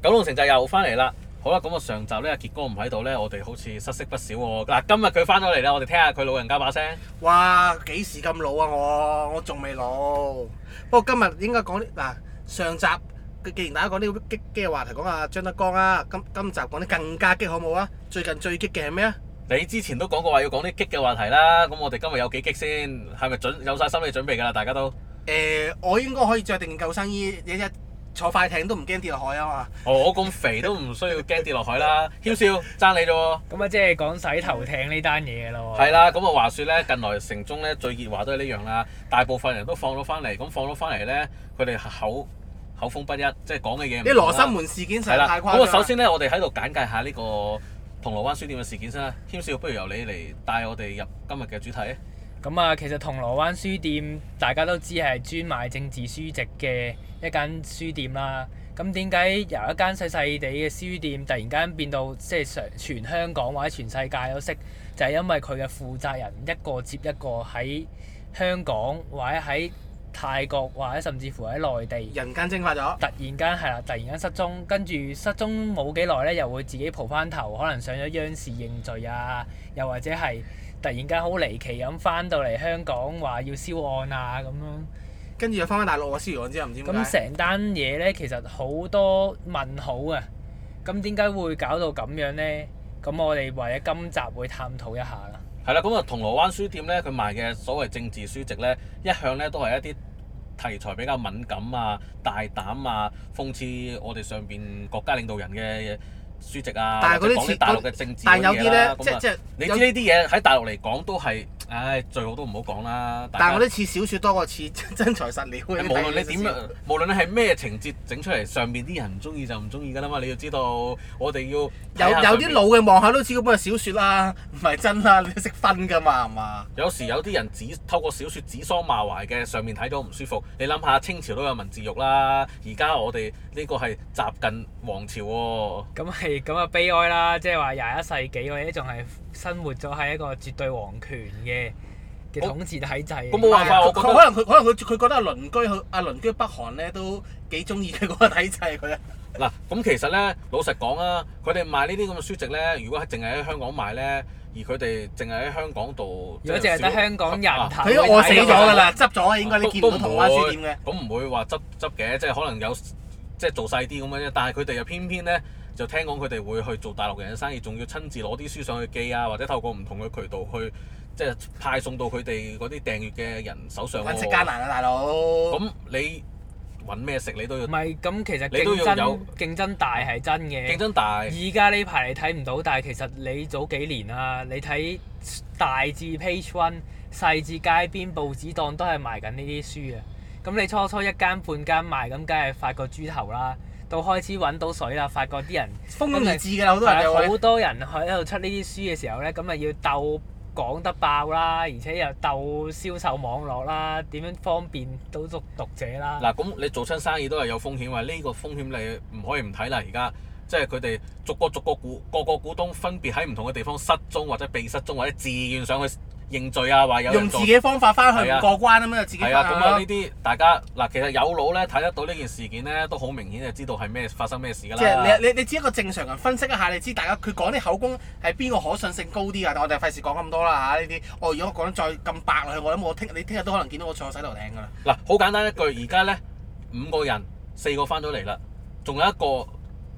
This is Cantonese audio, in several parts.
九龍城寨又翻嚟啦，好啦，咁我上集咧傑哥唔喺度咧，我哋好似失色不少喎。嗱，今日佢翻咗嚟啦，我哋聽下佢老人家把聲。哇，幾時咁老啊我？我仲未老。不過今日應該講嗱，上集佢既然大家講啲激激嘅話題，講阿張德江啊，今今集講啲更加激好唔好啊？最近最激嘅係咩啊？你之前都講過話要講啲激嘅話題啦，咁我哋今日有幾激先？係咪準有曬心理準備㗎啦？大家都？誒，我應該可以著定救生衣一一。坐快艇都唔驚跌落海啊嘛！ 我咁肥都唔需要驚跌落海啦，謙少爭你咗。咁啊，即係講洗頭艇呢單嘢咯。係啦，咁啊話説咧，近來城中咧最熱話都係呢樣啦。大部分人都放咗翻嚟，咁放咗翻嚟咧，佢哋口口風不一，即係講嘅嘢。啲羅生門事件實太誇張。咁啊，首先咧，我哋喺度簡介下呢個銅鑼灣書店嘅事件先啦。謙少，不如由你嚟帶我哋入今日嘅主題。咁啊，其實銅鑼灣書店大家都知係專賣政治書籍嘅一間書店啦。咁點解由一間細細地嘅書店，突然間變到即係上全香港或者全世界都識，就係因為佢嘅負責人一個接一個喺香港或者喺。泰國或者甚至乎喺內地，人間蒸發咗，突然間係啦，突然間失蹤，跟住失蹤冇幾耐咧，又會自己蒲翻頭，可能上咗央視認罪啊，又或者係突然間好離奇咁翻到嚟香港，話要銷案啊咁樣，跟住又翻返大陸啊，銷案之後唔知。咁成單嘢咧，其實好多問號啊！咁點解會搞到咁樣咧？咁我哋為咗今集會探討一下啦。係啦，咁啊銅鑼灣書店咧，佢賣嘅所謂政治書籍咧，一向咧都係一啲。題材比較敏感啊，大膽啊，諷刺我哋上邊國家領導人嘅。書籍啊，但講啲大陸嘅政治但嘅嘢啦。即啊，你知呢啲嘢喺大陸嚟講都係，唉、哎，最好都唔好講啦。但係我啲似小説多過似真，真材實料嘅。睇。無論你點， 無論你係咩情節整出嚟，上面啲人唔中意就唔中意㗎啦嘛。你要知道，我哋要有有啲老嘅望下都知、啊，嗰本係小説啦，唔係真啦。你識分㗎嘛，係嘛？有時有啲人只透過小説指桑罵槐嘅，上面睇到唔舒服。你諗下，清朝都有文字獄啦，而家我哋呢個係習近王朝喎、哦。咁 咁啊，悲哀啦！即係話廿一世紀，我哋仲係生活咗喺一個絕對皇權嘅嘅統治體制。我冇辦法，我覺得可能佢可能佢佢覺得阿鄰居阿鄰居北韓咧都幾中意佢嗰個體制，佢嗱，咁其實咧老實講啊，佢哋賣呢啲咁嘅書籍咧，如果係淨係喺香港賣咧，而佢哋淨係喺香港度，如果即係得香港人，佢都餓死咗㗎啦，執咗應該都都同一書店嘅，咁唔會話執執嘅，即係可能有即係做細啲咁樣，但係佢哋又偏偏咧。就聽講佢哋會去做大陸人嘅生意，仲要親自攞啲書上去寄啊，或者透過唔同嘅渠道去即係派送到佢哋嗰啲訂閱嘅人手上。揾食艱難啊，大 佬樂！咁 你揾咩食，你都要唔係咁，其實競爭你都要有競爭大係真嘅。競爭大。而家呢排你睇唔到，但係其實你早幾年啊，你睇大至 Page One，細至街邊報紙檔都係賣緊呢啲書嘅。咁你初初一間半間賣，咁梗係發個豬頭啦！到開始揾到水啦，發覺啲人蜂擁而至嘅，好多人好多人喺度出呢啲書嘅時候咧，咁咪要鬥講得爆啦，而且又鬥銷售網絡啦，點樣方便到足讀者啦。嗱、嗯，咁你做親生意都係有風險㗎，呢個風險你唔可以唔睇啦。而家即係佢哋逐個逐個股，各個股東分別喺唔同嘅地方失蹤，或者被失蹤，或者自願上去。認罪啊！話有用自己方法翻去過關咁樣，的自己咁樣。係啊，咁啊呢啲大家嗱，其實有腦咧睇得到呢件事件咧，都好明顯就知道係咩發生咩事㗎啦。即係、就是、你你你只一個正常人分析一下，你知大家佢講啲口供係邊個可信性高啲㗎？但我哋費事講咁多啦嚇呢啲。我如果講得再咁白落去，我諗我聽你聽日都可能見到我坐洗頭艇㗎啦。嗱、啊，好簡單一句，而家咧五個人四個翻咗嚟啦，仲有一個。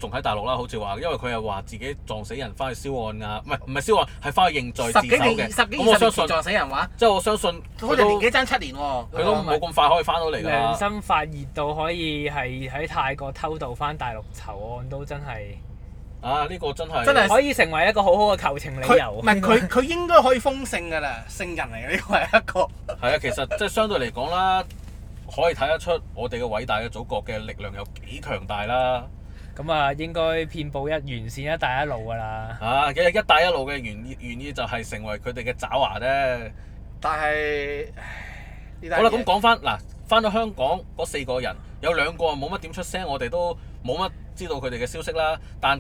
仲喺大陸啦，好似話，因為佢又話自己撞死人，翻去銷案啊，唔係唔係銷案，係翻去認罪自首嘅。十幾二十年，撞死人話，即係我相信。佢哋年紀爭七年喎、哦，佢都冇咁快可以翻到嚟㗎。良心發熱到可以係喺泰國偷渡翻大陸籌案，都真係啊！呢、呢個真係可以成為一個好好嘅求情理由。唔係佢佢應該可以封聖㗎啦，聖人嚟嘅呢個係一個。係 啊，其實即係相對嚟講啦，可以睇得出我哋嘅偉大嘅祖國嘅力量有幾強大啦。咁啊，應該遍佈一完善一帶一路㗎啦！啊，其實一帶一路嘅原意，原意就係成為佢哋嘅爪牙啫。但係，好啦，咁件、嗯、講翻嗱，翻到香港嗰四個人，有兩個冇乜點出聲，我哋都冇乜知道佢哋嘅消息啦。但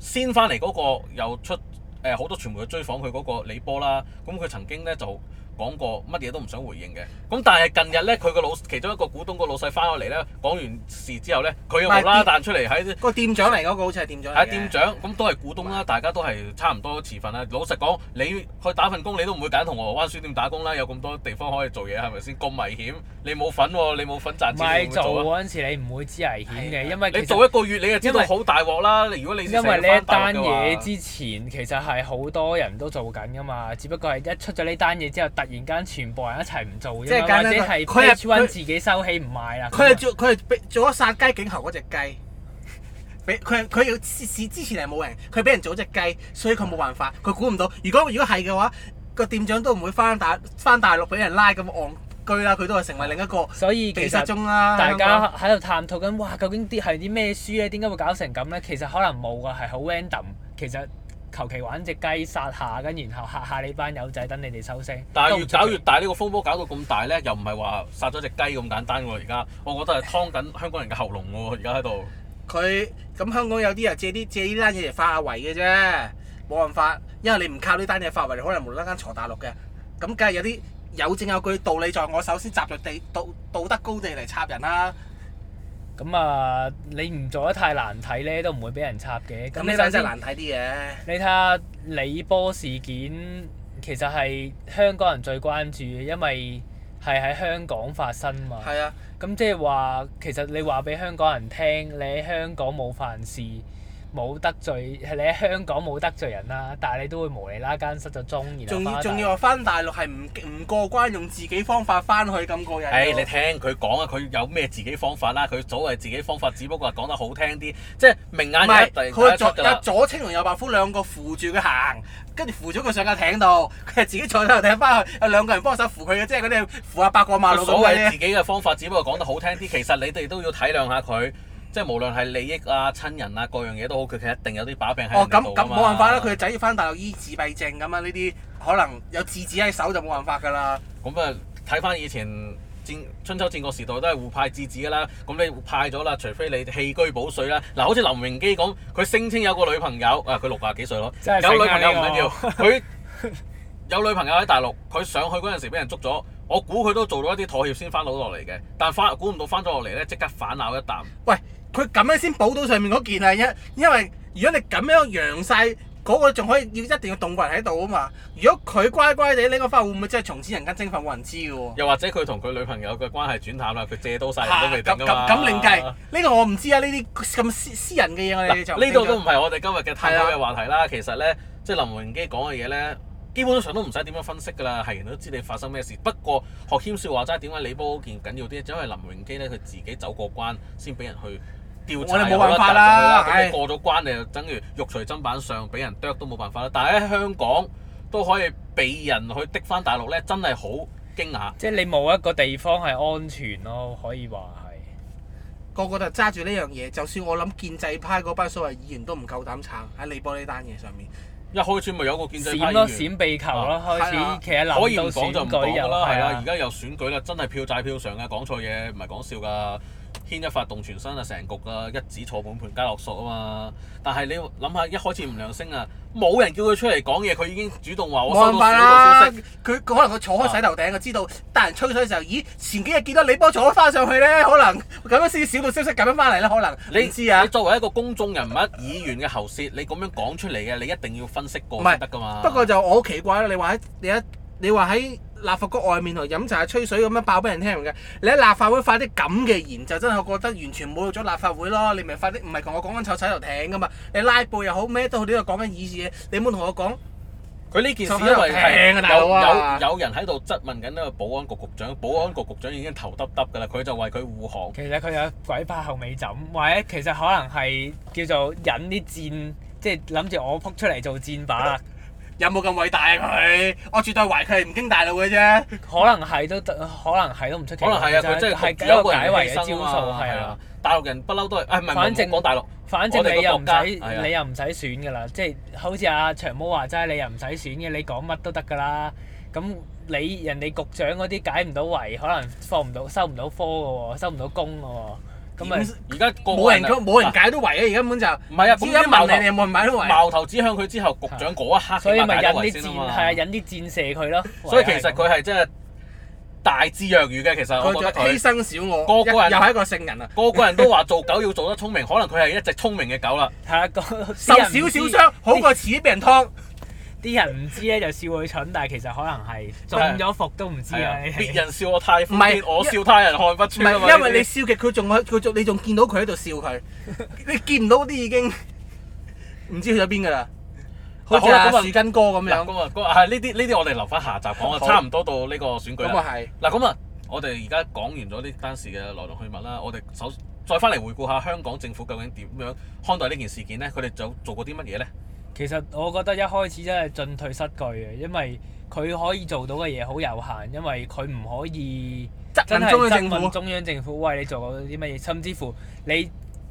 先翻嚟嗰個又出，誒好多傳媒去追訪佢嗰個李波啦。咁佢曾經咧就～講過乜嘢都唔想回應嘅。咁但係近日咧，佢個老其中一個股東個老細翻咗嚟咧，講完事之後咧，佢又無啦彈出嚟喺個店長嚟嗰個好似係店、店長，係店長，咁都係股東啦，喂大家都係差唔多持份啦。老實講，你去打份工，你都唔會揀同銅鑼灣書店打工啦，有咁多地方可以做嘢，係咪先？咁危險，你冇份喎、啊，你冇份賺錢唔是做啊！做嗰時你唔會知危險嘅，因為你做一個月你就知道好為大鑊啦。如果你因為呢一單嘢之前其實係好多人都做緊噶嘛，只不過係一出咗呢單嘢之後突。突然間全部人一齊唔做，即或即係家姐 t 佢。r 自己收起唔賣啦。佢係做佢係俾做咗殺雞儆猴嗰隻雞，俾佢佢要是之前係冇人，佢俾人做隻雞，所以佢冇辦法，佢估唔到。如果如果係嘅話，個店長都唔會翻大翻大陸俾人拉咁戇居啦，佢都係成為另一個、嗯。所以其實樣大家喺度探討緊，哇！究竟啲係啲咩書咧？點解會搞成咁咧？其實可能冇啊，係好 random。其實。求其玩隻雞殺下，跟然後嚇下你班友仔，等你哋收聲。但係越搞越大，呢個風波搞到咁大咧，又唔係話殺咗隻雞咁簡單喎。而家我覺得係劏緊香港人嘅喉嚨喎。而家喺度。佢咁香港有啲人借啲借呢單嘢嚟發下圍嘅啫，冇辦法，因為你唔靠呢單嘢發圍，你可能無得啦坐大陸嘅。咁梗係有啲有證有據道理在，在我首先集着地道道德高地嚟插人啦。咁啊、嗯，你唔做得太難睇咧，都唔會俾人插嘅。咁呢個真係難睇啲嘅。你睇下李波事件，其實係香港人最關注嘅，因為係喺香港發生嘛。係啊。咁即係話，其實你話俾香港人聽，你喺香港冇犯事，冇得罪，係你喺香港冇得罪人啦，但係你都會無理啦。間失咗蹤，然後仲要仲要話翻大陸係唔唔過關，用自己方法翻去咁過癮。誒、哎，你聽佢講啊，佢有咩自己方法啦？佢所謂自己方法，只不過講得好聽啲，即係明眼人一睇就佢係左青龍右白虎兩個扶住佢行，跟住扶咗佢上架艇度，佢係自己坐喺個艇翻去，有兩個人幫手扶佢嘅，即係嗰啲扶下百個馬路。所謂自己嘅方法，只不過講得好聽啲， 其實你哋都要體諒下佢。即係無論係利益啊、親人啊、各樣嘢都好，佢其實一定有啲把柄喺度。哦，咁咁冇辦法啦，佢嘅仔要翻大陸醫自閉症咁啊，呢啲可能有質子喺手就冇辦法㗎啦。咁啊、嗯，睇翻以前戰春秋戰國時代都係互派質子㗎啦。咁、嗯、你互派咗啦，除非你棄車保帥啦。嗱、啊，好似林榮基咁，佢聲稱有個女朋友，啊，佢六百幾歲咯，有女朋友唔緊要。佢 有女朋友喺大陸，佢上去嗰陣時俾人捉咗，我估佢都做咗一啲妥協先翻到落嚟嘅。但翻，估唔到翻咗落嚟咧，即刻反咬一啖。喂！佢咁樣先補到上面嗰件啊，因因為如果你咁樣揚晒，嗰、那個，仲可以要一定要動筆喺度啊嘛。如果佢乖乖地拎個花會唔會真係從此人間蒸發冇人知嘅喎？又或者佢同佢女朋友嘅關係轉淡啦，佢借刀殺人都未定啊嘛。咁、 啊、另計，呢、這個我唔知啊。呢啲咁私私人嘅嘢，呢個都唔係我哋今日嘅探討嘅話題啦。的其實咧，即、就、係、是、林榮基講嘅嘢咧，基本上都唔使點樣分析㗎啦。係人都知你發生咩事，不過學謙説話齋點解你嗰件緊要啲？就因為林榮基咧，佢自己走過關先俾人去。我哋冇辦法啦，咁你過咗關，你就等於肉隨砧板上，俾人啄都冇辦法啦。但係喺香港都可以被人去滴返大陸咧，真係好驚嚇。即係你冇一個地方係安全咯，可以話係。個個就揸住呢樣嘢，就算我諗建制派嗰班所謂議員都唔夠膽撐喺李波呢單嘢上面。一開始咪有個建制派。閃避球咯，開始。其實可以唔講就唔講嘅啦，係啦，而家又選舉啦，真係票債票償嘅，講錯嘢唔係講笑㗎。牽一髮動全身啊，成局啊，一子錯滿盤皆落索啊嘛！但係你諗下，一開始唔亮聲啊，冇人叫佢出嚟講嘢，佢已經主動話我唔好發啦。佢佢、啊、可能佢坐開洗頭頂，佢、啊、知道得人吹水嘅時候，咦？前幾日見到你幫我坐翻上去咧，可能咁樣先小道消息咁樣翻嚟啦，可能你知啊？你作為一個公眾人物、議員嘅喉舌，你咁樣講出嚟嘅，你一定要分析過先得㗎嘛不。不過就我好奇怪啦，你話喺你一你話喺。立法局外面同飲茶吹水咁樣爆俾人聽嘅，你喺立法會發啲咁嘅言就真係我覺得完全侮辱咗立法會咯。你咪發啲唔係同我講緊臭踩頭艇㗎嘛？你拉布又好咩都好，喺度講緊議事嘢，你冇同我講。佢呢件事，因為有有人喺度質問緊呢個保安局局長，保安局局長已經頭耷耷㗎啦，佢就為佢護航。其實佢有鬼拍後尾枕，或者其實可能係叫做引啲箭，即係諗住我撲出嚟做箭靶。有冇咁偉大啊佢？我絕對懷佢係唔經大陸嘅啫。可能係都得，可能係都唔出奇。可能係啊，佢即係只有解圍嘅招數，係啊，啊，啊。大陸人不嬲都係反正係我大陸，反正你又唔使你又唔使選㗎啦，即係、啊就是、好似阿長毛話齋，你又唔使選嘅，你講乜都得㗎啦。咁你人哋局長嗰啲解唔到圍，可能放唔到收唔到科㗎喎，收唔到工㗎喎。而家冇人冇人解都圍啊！而根本就，依家矛你冇人解都圍。矛頭指向佢之後，局長嗰一刻所以咪解到圍先嘛。係啊，引啲箭射佢咯。所以其實佢係真係大智若愚嘅，其實。佢就犧牲小我，個個人又係一個聖人啊！個個人都話做狗要做得聰明，可能佢係一隻聰明嘅狗啦。係啊，受少少傷好過遲啲俾人劏。啲人唔知咧就笑佢蠢，但係其實可能係中咗伏都唔知啊！的別人笑我太，唔係是我笑他人看不穿。不是們因為你笑極，佢仲佢仲你仲見到佢喺度笑佢， 你見唔到啲已經唔知去咗邊㗎啦，好似啊樹根哥咁樣。係呢啲呢啲我哋留翻下集講，好差唔多到呢個選舉。咁啊係嗱，咁啊、那個那個，我哋而家講完咗呢單事嘅來龍去脈啦，我哋首再翻嚟回顧下香港政府究竟點樣看待呢件事件咧？佢哋仲有做過啲乜嘢咧？其實我覺得一開始真係進退失據啊，因為佢可以做到嘅嘢好有限，因為佢唔可以真質問中央政府，中央政府為你做過啲乜嘢，甚至乎你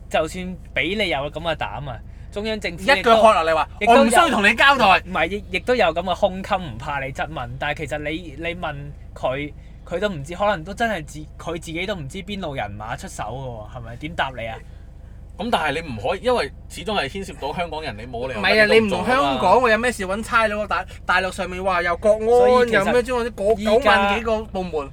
就算俾你有咁嘅膽啊，中央政府一腳喝落你話，我唔需要同你交代。唔係亦亦都有咁嘅胸襟，唔怕你質問，但係其實你你問佢，佢都唔知，可能都真係自佢自己都唔知邊路人馬出手㗎喎，係咪？點答你啊？咁但係你唔可以，因為始終係牽涉到香港人，你冇理由唔係啊，是你唔同香港，吧我有咩事揾差佬？大大陸上面話又國安有咩？中啲國九萬幾個部門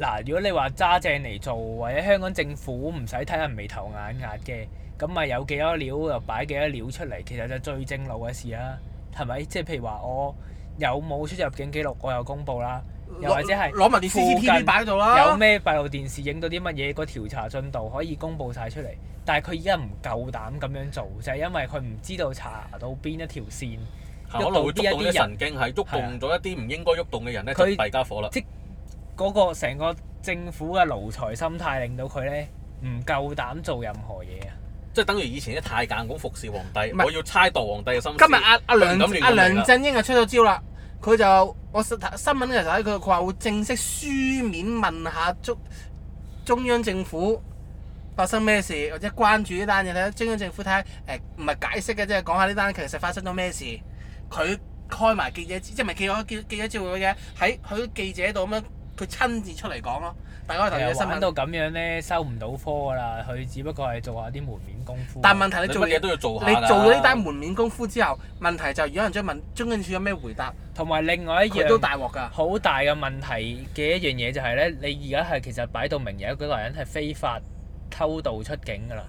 嗱，如果你話揸正嚟做，或者香港政府唔使睇人眉頭眼壓嘅，咁咪有幾多料又擺幾多料出嚟，其實就最正路嘅事啦，係咪？即係譬如話，我有冇出入境記錄，我又公佈啦。又或者係攞埋啲 CCTV 擺喺度啦，有咩閉路電視影到啲乜嘢？個調查進度可以公佈晒出嚟，但係佢依家唔夠膽咁樣做，就係因為佢唔知道查到邊一條線。可能行會觸動啲神經，係觸動咗一啲唔應該喐動嘅人咧，佢弊家伙啦。即係嗰個成個政府嘅奴才心態，令到佢咧唔夠膽做任何嘢啊！即係等於以前啲太監咁服侍皇帝，是我要猜度皇帝嘅心。今日阿阿梁阿梁振英就出咗招啦。佢就我新新聞嘅時候佢佢話會正式書面問下中中央政府發生咩事，或者關注呢單嘢，睇中央政府睇下誒唔係解釋嘅，即係講下呢單其實發生咗咩事。佢開埋記者，即係唔係記者記者照佢嘅喺佢記者度咁樣，佢親自出嚟講咯。擺嗰個頭嘅新聞到咁樣咧，收唔到科㗎啦。佢只不過係做下啲門面功夫。但問題你做嘢都要做下。你做咗呢單門面功夫之後，問題就係、是、如果人再問，中警處有咩回答？同埋另外一樣，佢都大鑊㗎。好大嘅問題嘅一樣嘢就係、是、咧，你而家係其實擺到明有一個人係非法偷渡出境㗎啦，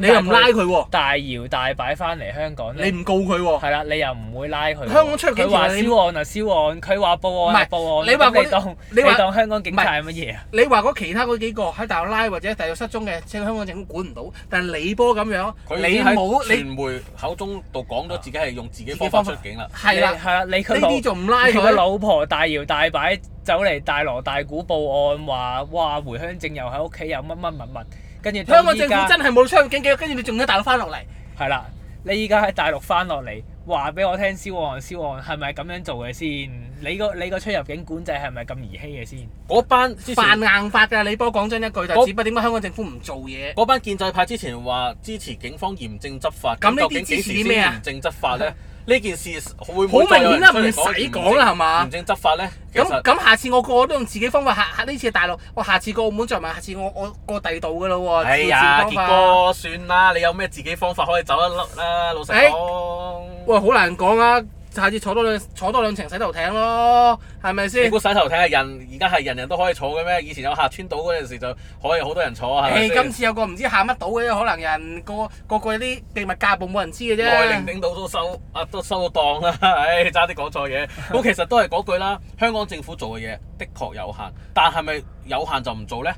你又唔拉佢喎？大搖大擺翻嚟香港，你唔告佢喎？係啦，你又唔會拉佢。香港出入境，佢話銷案就銷案，佢話報案就報案。你話我你當你當香港警察係乜嘢啊？你話嗰其他嗰幾個喺大陸拉或者大陸失蹤嘅，即係香港政府管唔到，但係你波咁樣，你冇你唔傳媒口中度講咗自己係用自己方法出境啦。係啦，係啦，你佢呢啲仲唔拉佢？佢老婆大搖大擺走嚟大鑼大鼓報案，話哇回鄉證又喺屋企，又乜乜乜乜。」跟住香港政府真係冇出入境記錄，跟住你仲喺大陸翻落嚟？係啦，你依家喺大陸翻落嚟，話俾我聽，肖岸肖岸係咪咁樣做嘅先？你個你個出入境管制係咪咁兒戲嘅先？嗰班犯硬法㗎，你幫我講真一句就，那只不過點解香港政府唔做嘢？嗰班建制派之前話支持警方嚴正執法，咁究竟幾時先嚴正執法咧？嗯呢件事會好明顯啦，唔使講啦，係嘛？行政執法咧，咁咁下次我個個都用自己方法，下下呢次大陸，我下次過澳門再問，下次我我過第度噶啦喎。哎呀，結哥算啦，你有咩自己方法可以走一甩啦？老實講，哎，喂，好難講啊！下次坐多兩坐多兩程洗頭艇咯，係咪先？如果洗頭艇係人而家係人人都可以坐嘅咩？以前有下川島嗰陣時就可以好多人坐。係、欸、今次有個唔知下乜島嘅，可能人個個個啲地物架部冇人知嘅啫。外伶仃島都收，啊都收到檔啦。唉、哎，差啲講錯嘢。咁 其實都係嗰句啦，香港政府做嘅嘢的確有限，但係咪有限就唔做咧？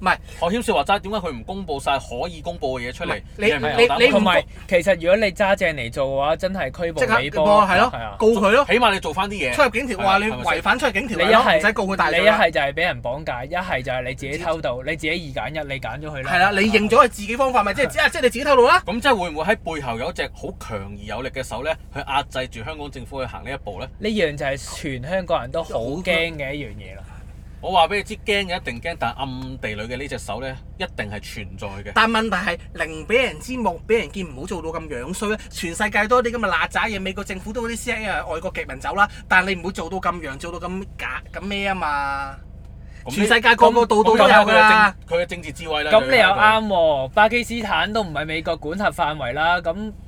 唔係，何謙說話真？點解佢唔公佈晒可以公佈嘅嘢出嚟？你你你同埋，其實如果你揸正嚟做嘅話，真係拘捕你波，係咯，告佢咯，起碼你做翻啲嘢。出入境條，話！你違反出入境條啦，你又係唔使告佢。但你一係就係俾人綁架，一係就係你自己偷渡，你自己二揀一，你揀咗佢啦。係啦，你認咗係自己方法咪即係即係你自己偷渡啦？咁即係會唔會喺背後有一隻好強而有力嘅手咧，去壓制住香港政府去行呢一步咧？呢樣就係全香港人都好驚嘅一樣嘢啦。我話俾你知驚嘅一定驚，但係暗地裏嘅呢隻手咧，一定係存在嘅。但問題係零俾人知，目，俾人見，唔好做到咁樣衰啊！全世界多啲咁嘅邋遢嘢，美國政府都嗰啲 CIA 外國極民走啦，但係你唔好做到咁樣，做到咁假咁咩啊嘛！全世界個個度都有佢啦，佢嘅、啊、政，政治智慧啦。咁那你又啱喎，巴基斯坦都唔係美國管轄範圍啦，咁、啊。啊啊啊啊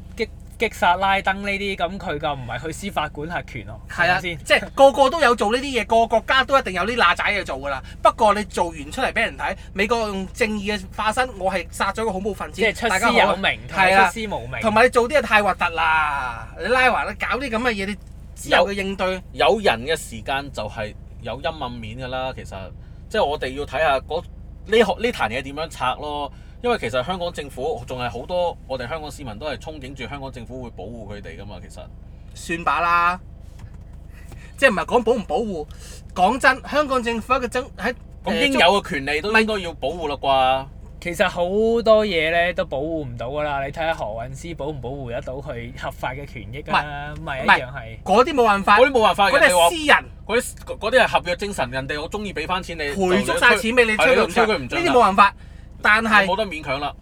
擊殺拉登呢啲咁佢個唔係去司法管轄權咯，係咪、啊、先？即係個個都有做呢啲嘢，個,個國家都一定有啲乸仔嘢做㗎啦。不過你做完出嚟俾人睇，美國用正義嘅化身，我係殺咗個恐怖分子，即係出師有名，太出師無名。同埋你做啲嘢太核突啦！你拉華，你搞啲咁嘅嘢，你自有嘅應對有,有人嘅時間就係有陰暗面㗎啦。其實即係我哋要睇下嗰呢呢壇嘢點樣拆咯。因為其實香港政府仲係好多，我哋香港市民都係憧憬住香港政府會保護佢哋㗎嘛。其實算把啦，即係唔係講保唔保護，講真，香港政府一個真喺咁應有嘅權利都應該是都要保護啦啩。其實好多嘢咧都保護唔到㗎喇。你睇下何韻詩保唔保護得到佢合法嘅權益啦、啊？唔係是一樣係嗰啲冇辦法，嗰啲冇辦法，嗰啲私人嗰啲啲係合約精神，人哋我鍾意俾翻錢你，賠足晒錢俾你，你催佢唔呢啲冇辦法。但係，我冇得勉強啦。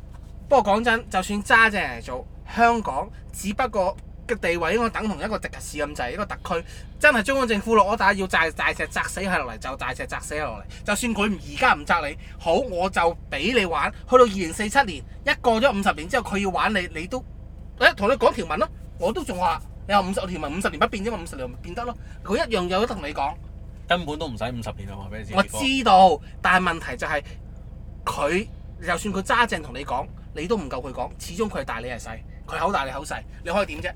不過講真，就算揸正嚟做，香港只不過嘅地位應該等同一個直轄市咁滯，就係一個特區。真係中央政府落我但係要大大石砸死蟹落嚟，就大石砸死蟹落嚟。就算佢而家唔砸你，好我就俾你玩。去到二零四七年，一過咗五十年之後，佢要玩你，你都誒同你講條文咯。我都仲話，你話五十條文五十年不變啫嘛，五十年變得咯。佢一樣有得同你講。根本都唔使五十年啊嘛，話俾你知，我知道。但係問題就係佢。就算佢揸正同你講，你都唔夠佢講，始終佢係大，你係細，佢口大你口細，你可以點啫？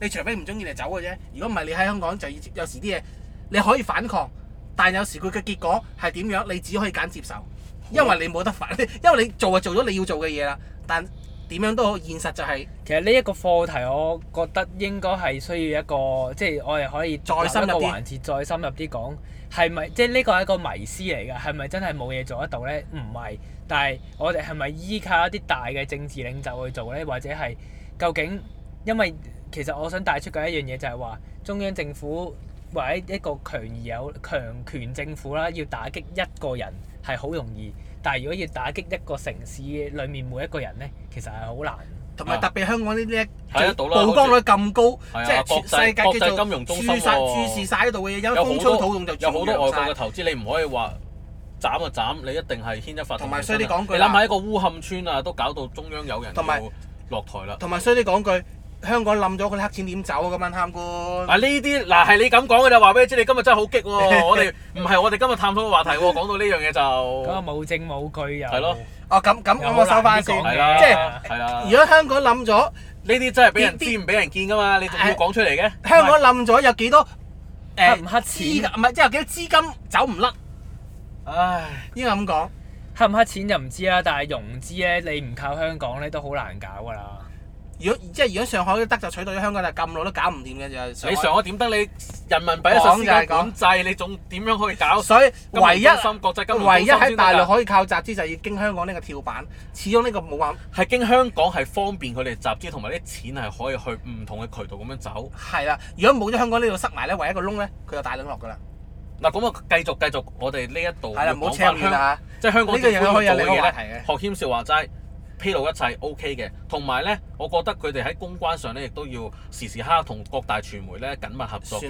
你除非唔中意你走嘅啫。如果唔係，你喺香港就有時啲嘢你可以反抗，但有時佢嘅結果係點樣，你只可以揀接受，因為你冇得反，因為你做就做咗你要做嘅嘢啦。但點樣都好，現實就係、是、其實呢一個課題，我覺得應該係需要一個即係我哋可以再深入環節，再深入啲講係咪？即係呢個係一個迷思嚟㗎，係咪真係冇嘢做得到呢？唔係。但係我哋係咪依靠一啲大嘅政治領袖去做呢？或者係究竟因為其實我想帶出嘅一樣嘢就係話中央政府或者一個強而有強權政府啦，要打擊一個人係好容易，但係如果要打擊一個城市裡面每一個人呢，其實係好難。同埋特別香港呢啲一曝光率咁高，即係全世界注視金融中心晒度嘅嘢，有好多外國嘅投資，你唔可以話。斬就斬，你一定係牽一髮。同埋衰啲講句，你諗下一個烏坎村啊，都搞到中央有人同埋落台啦。同埋衰啲講句，香港冧咗，嗰啲黑錢點走啊？咁樣貪官。嗱呢啲嗱，係你咁講嘅，就話俾你知，你今日真係好激喎！我哋唔係我哋今日探討嘅話題喎，講到呢樣嘢就咁冇證冇據又係咯。哦咁咁，我收翻段嘅。即係如果香港冧咗，呢啲真係俾人知唔俾人見噶嘛？你仲要講出嚟嘅？香港冧咗有幾多黑唔黑錢？唔係即係有幾多資金走唔甩？唉，應該咁講，黑唔黑錢就唔知啦。但係融資咧，你唔靠香港咧，都好難搞噶啦。如果即係如果上海都得就取代咗香港就咁耐都搞唔掂嘅，就你上海點得你人民幣嘅世、就係、管制，你仲點樣可以搞？所以唯一、金融中心、國際金融中心先得啦。唯一喺大陸可以靠集資，就要經香港呢個跳板。始終呢個冇話係經香港係方便佢哋集資，同埋啲錢係可以去唔同嘅渠道咁樣走。係啦，如果冇咗香港呢度塞埋咧，唯一,一個窿咧，佢就大鼎落噶啦。嗱，咁啊，繼續繼續，我哋呢一度講翻香，即係香港。呢樣嘢可以有啲嘢提嘅。學謙少話齋披露一切，OK 嘅。同埋咧，我覺得佢哋喺公關上咧，亦都要時時刻刻同各大傳媒咧緊密合作嘅，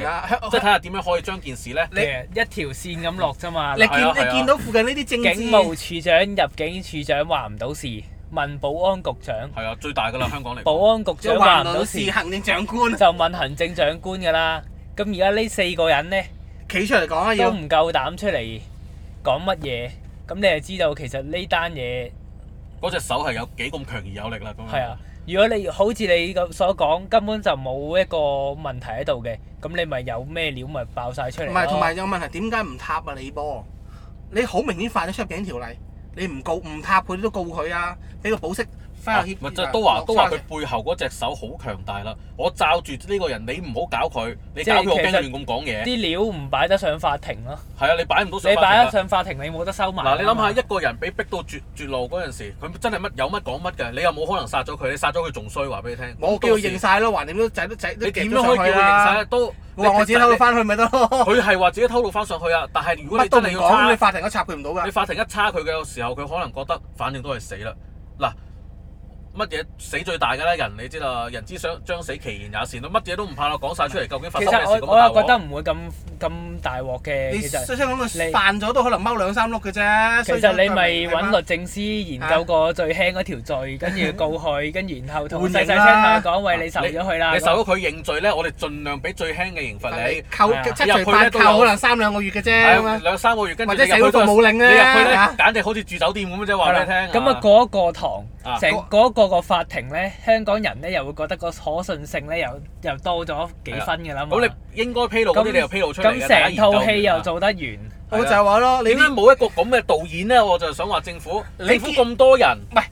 即係睇下點樣可以將件事咧一條線咁落啫嘛。你見你見到附近呢啲警務處長、入境處長話唔到事，問保安局長。係啊，最大噶啦，香港嚟。保安局長話唔到事，行政長官就問行政長官噶啦。咁而家呢四個人咧？企出嚟講啊！要都唔夠膽出嚟講乜嘢，咁你就知道其實呢單嘢嗰隻手係有幾咁強而有力啦，咁樣！係啊，如果你好似你咁所講，根本就冇一個問題喺度嘅，咁你咪有咩料咪爆晒出嚟，唔係，同埋有問題，點解唔塌啊？你噃，你好明顯犯得出入境條例，你唔告唔塌佢都告佢啊！俾個保釋。.咪就、啊、都話都話佢背後嗰隻手好強大啦！我罩住呢個人，你唔好搞佢，你搞佢驚亂咁講嘢。啲料唔擺得上法庭咯、啊。係啊，你擺唔到上、啊、你擺得上法庭、啊啊，你冇得收埋。嗱，你諗下，一個人俾逼到絕絕路嗰陣時，佢真係乜有乜講乜嘅，你又冇可能殺咗佢，你殺咗佢仲衰。話俾你聽，我叫佢認晒咯，橫掂都就係都就係都可以叫佢認晒、啊。都。我自己偷到翻去咪得咯。佢係話自己偷到翻上去啊，但係如果你真係要，法庭都插佢唔到㗎。你法庭一插佢嘅時候，佢可能覺得反正都係死啦嗱。啊。乜嘢死最大嘅啦？人你知道，人之將死其言也善，到乜嘢都唔怕啦。講晒出嚟，究竟發生咩事，其實我我又覺得唔會咁咁大鑊嘅。你即係犯咗都可能踎兩三碌嘅啫。其實你咪揾律政司研究過最輕嗰條罪，跟住告佢，跟住然後同佢細細聲講，喂，你受咗佢啦。你受咗佢認罪咧，我哋盡量俾最輕嘅刑罰你。扣七罪八可能三兩個月嘅啫。兩三個月，跟住入去都冇領咧。嚇！簡直好似住酒店咁啫，話你聽。咁啊，過一堂，成過個個法庭咧，香港人咧又會覺得個可信性咧又又多咗幾分嘅啦。咁你、嗯嗯、應該披露嗰啲，你又披露出嚟啦。咁成套戲又做得完，嗯、的我就話咯。點解冇一個咁嘅導演咧？我就想話政府，政府咁多人，唔係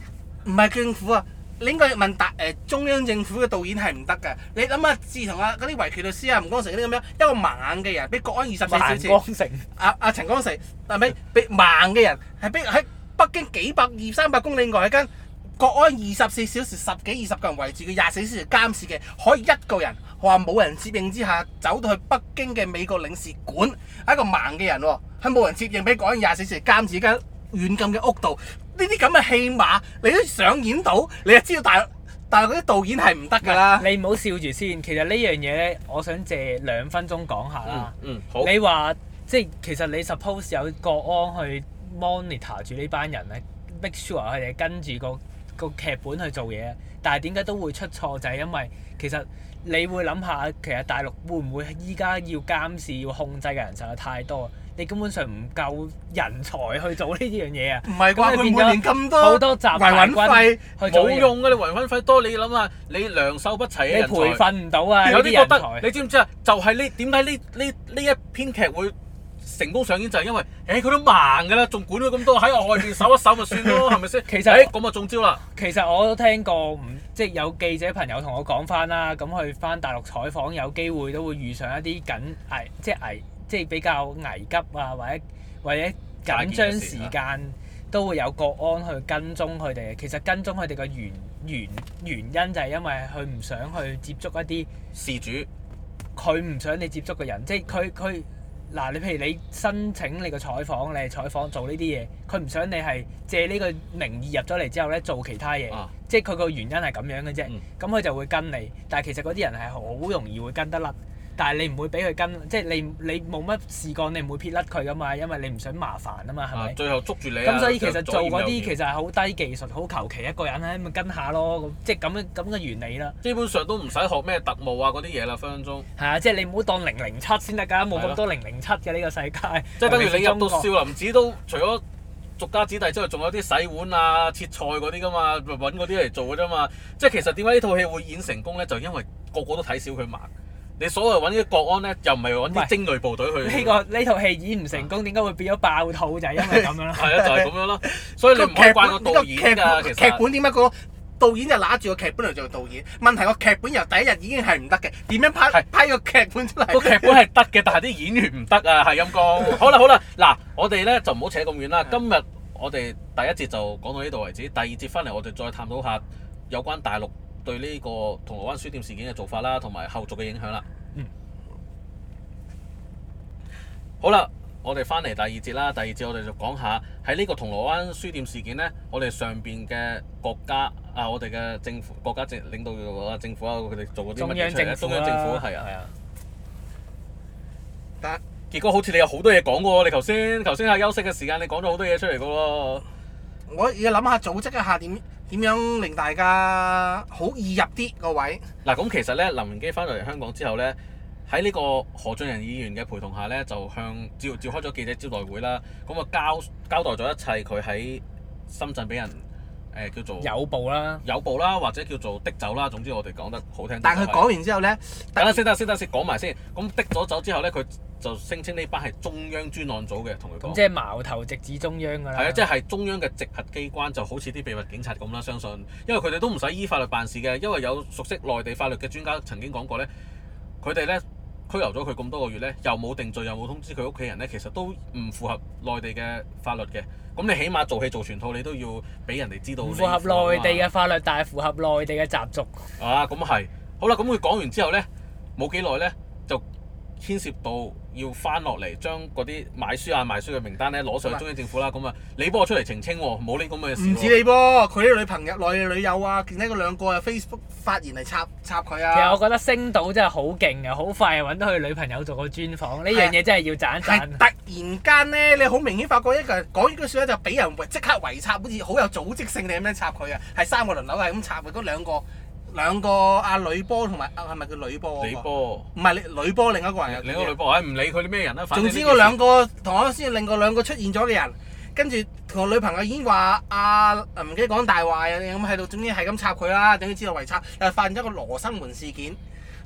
唔係政府啊？你應該問達誒中央政府嘅導演係唔得嘅。你諗下，自從啊嗰啲維權律師啊，吳光成嗰啲咁樣一個盲嘅人，俾國安二十四小時。吳光成，阿阿、啊啊、陳光誠，係咪俾盲嘅人係俾喺北京幾百二三百公里外一間？國安二十四小時十幾二十個人圍住佢，廿四小時監視嘅，可以一個人，我話冇人接應之下走到去北京嘅美國領事館，一個盲嘅人喎，喺、哦、冇人接應俾國安廿四小時監視間軟禁嘅屋度，呢啲咁嘅戲碼你都上演到，你就知道大，大陸嗰啲導演係唔得㗎啦。你唔好笑住先，其實呢樣嘢咧，我想借兩分鐘講下啦、嗯。嗯，好。你話即係其實你 suppose 有國安去 monitor 住呢班人咧，make sure 佢哋跟住、嗰個。個劇本去做嘢，但係點解都會出錯？就係、是、因為其實你會諗下，其實大陸會唔會依家要監視、要控制嘅人實在太多，你根本上唔夠人才去做呢啲樣嘢啊！唔係啩？佢每年咁多，好多雜牌軍，冇用啊，你，維運費多。你諗下，你良莠不齊嘅人，你培訓唔到啊！人有啲覺得，你知唔知啊？就係呢點解呢呢呢一篇劇會？成功上演就係因為，誒、欸、佢都盲噶啦，仲管佢咁多喺外外邊搜一搜咪算咯，係咪先？其實咁我、欸、就中招啦。其實我都聽過，即係有記者朋友同我講翻啦，咁去翻大陸採訪有機會都會遇上一啲緊危，即係危，即係比較危急啊，或者或者緊張時間都會有國安去跟蹤佢哋。其實跟蹤佢哋嘅原原原因就係因為佢唔想去接觸一啲事主，佢唔想你接觸嘅人，即係佢佢。嗱，你譬如你申請你個採訪，你係採訪做呢啲嘢，佢唔想你係借呢個名義入咗嚟之後咧做其他嘢，啊、即係佢個原因係咁樣嘅啫。咁佢、嗯、就會跟你，但係其實嗰啲人係好容易會跟得甩。但係你唔會俾佢跟，即係你你冇乜事幹，你唔會撇甩佢㗎嘛，因為你唔想麻煩啊嘛，係咪？最後捉住你、啊。咁所以其實做嗰啲其實係好低技術、好求其一個人咧，咪、啊、跟下咯，即係咁咁嘅原理啦。基本上都唔使學咩特務啊嗰啲嘢啦，分分鐘。係啊，即係你唔好當零零七先得㗎，冇咁、啊、多零零七嘅呢個世界。即係等於你入到少林寺都除咗俗家子弟之外，仲有啲洗碗啊、切菜嗰啲㗎嘛，咪揾嗰啲嚟做㗎啫嘛。即係其實點解呢套戲會演成功咧？就因為個個都睇少佢盲。你所謂揾啲國安咧，又唔係揾啲精鋭部隊去。呢、這個呢套戲演唔成功，點解、啊、會變咗爆肚就係、是、因為咁樣咯。係啊， 就係、是、咁樣咯。所以你唔 本可以怪個導演啊。其實劇本點解個導演就拿住個劇本嚟做導演？問題個劇本由第一日已經係唔得嘅。點樣拍是拍個劇本出嚟？個劇本係得嘅，但係啲演員唔得啊，係咁講。好啦好啦，嗱，我哋咧就唔好扯咁遠啦。 今日我哋第一節就講到呢度為止，第二節翻嚟我哋再探討下有關大陸。對呢個銅鑼灣書店事件嘅做法啦，同埋後續嘅影響啦。嗯。好啦，我哋翻嚟第二節啦。第二節我哋就講下喺呢個銅鑼灣書店事件呢，我哋上邊嘅國家啊，我哋嘅政府國家政領導啊，政府啊，佢哋做過啲嘢出嚟？中央政府啦。中央政府係啊，係啊。但傑、啊、行結果好似你有好多嘢講喎。你頭先頭先喺休息嘅時間，你講咗好多嘢出嚟嘅喎。我要諗下組織一下點點樣，樣令大家好易入啲個位。嗱咁其實咧，林榮基翻到嚟香港之後咧，喺呢個何俊仁議員嘅陪同下咧，就向召召開咗記者招待會，呃、啦。咁啊交交代咗一切，佢喺深圳俾人誒叫做有報啦，有報啦，或者叫做滴走啦。總之我哋講得好聽。但係佢講完之後咧，梗係先得先得先講埋先。咁滴咗走之後咧，佢。就聲稱呢班係中央專案組嘅，同佢講，即係矛頭直指中央㗎啦。係啊，即係中央嘅直轄機關，就好似啲秘密警察咁啦。相信因為佢哋都唔使依法律辦事嘅，因為有熟悉內地法律嘅專家曾經講過咧，佢哋咧拘留咗佢咁多個月咧，又冇定罪，又冇通知佢屋企人咧，其實都唔符合內地嘅法律嘅。咁你起碼做戲做全套，你都要俾人哋知道。唔符合內地嘅法律，但係符合內地嘅習俗。啊，咁係。好啦，咁佢講完之後咧，冇幾耐咧就牽涉到。要翻落嚟將嗰啲買書啊賣書嘅名單咧攞上中央政府啦，咁啊是你幫我出嚟澄清喎，冇呢咁嘅事喎。唔似你噃，佢啲女朋友內地女友啊，見呢嗰兩個啊 Facebook 發言嚟插插佢啊。其實我覺得星島真係好勁啊，好快揾到佢女朋友做個專訪，呢樣嘢真係要讚一讚。啊、突然間咧，你好明顯發覺一個人講呢句説話，就俾人即刻圍插，好似好有組織性你咁樣插佢啊！係三個輪流係咁插，嗰兩個。兩個阿李波同埋阿係咪叫李波？李波唔係李李波，另一個人。另一個李波，唉，唔理佢啲咩人啦。總之我兩個，同我先令嗰兩個出現咗嘅人，跟住同我女朋友已經話阿唔記得講大話啊，咁喺度總之係咁插佢啦，等於知道圍插，又發現咗個羅生門事件。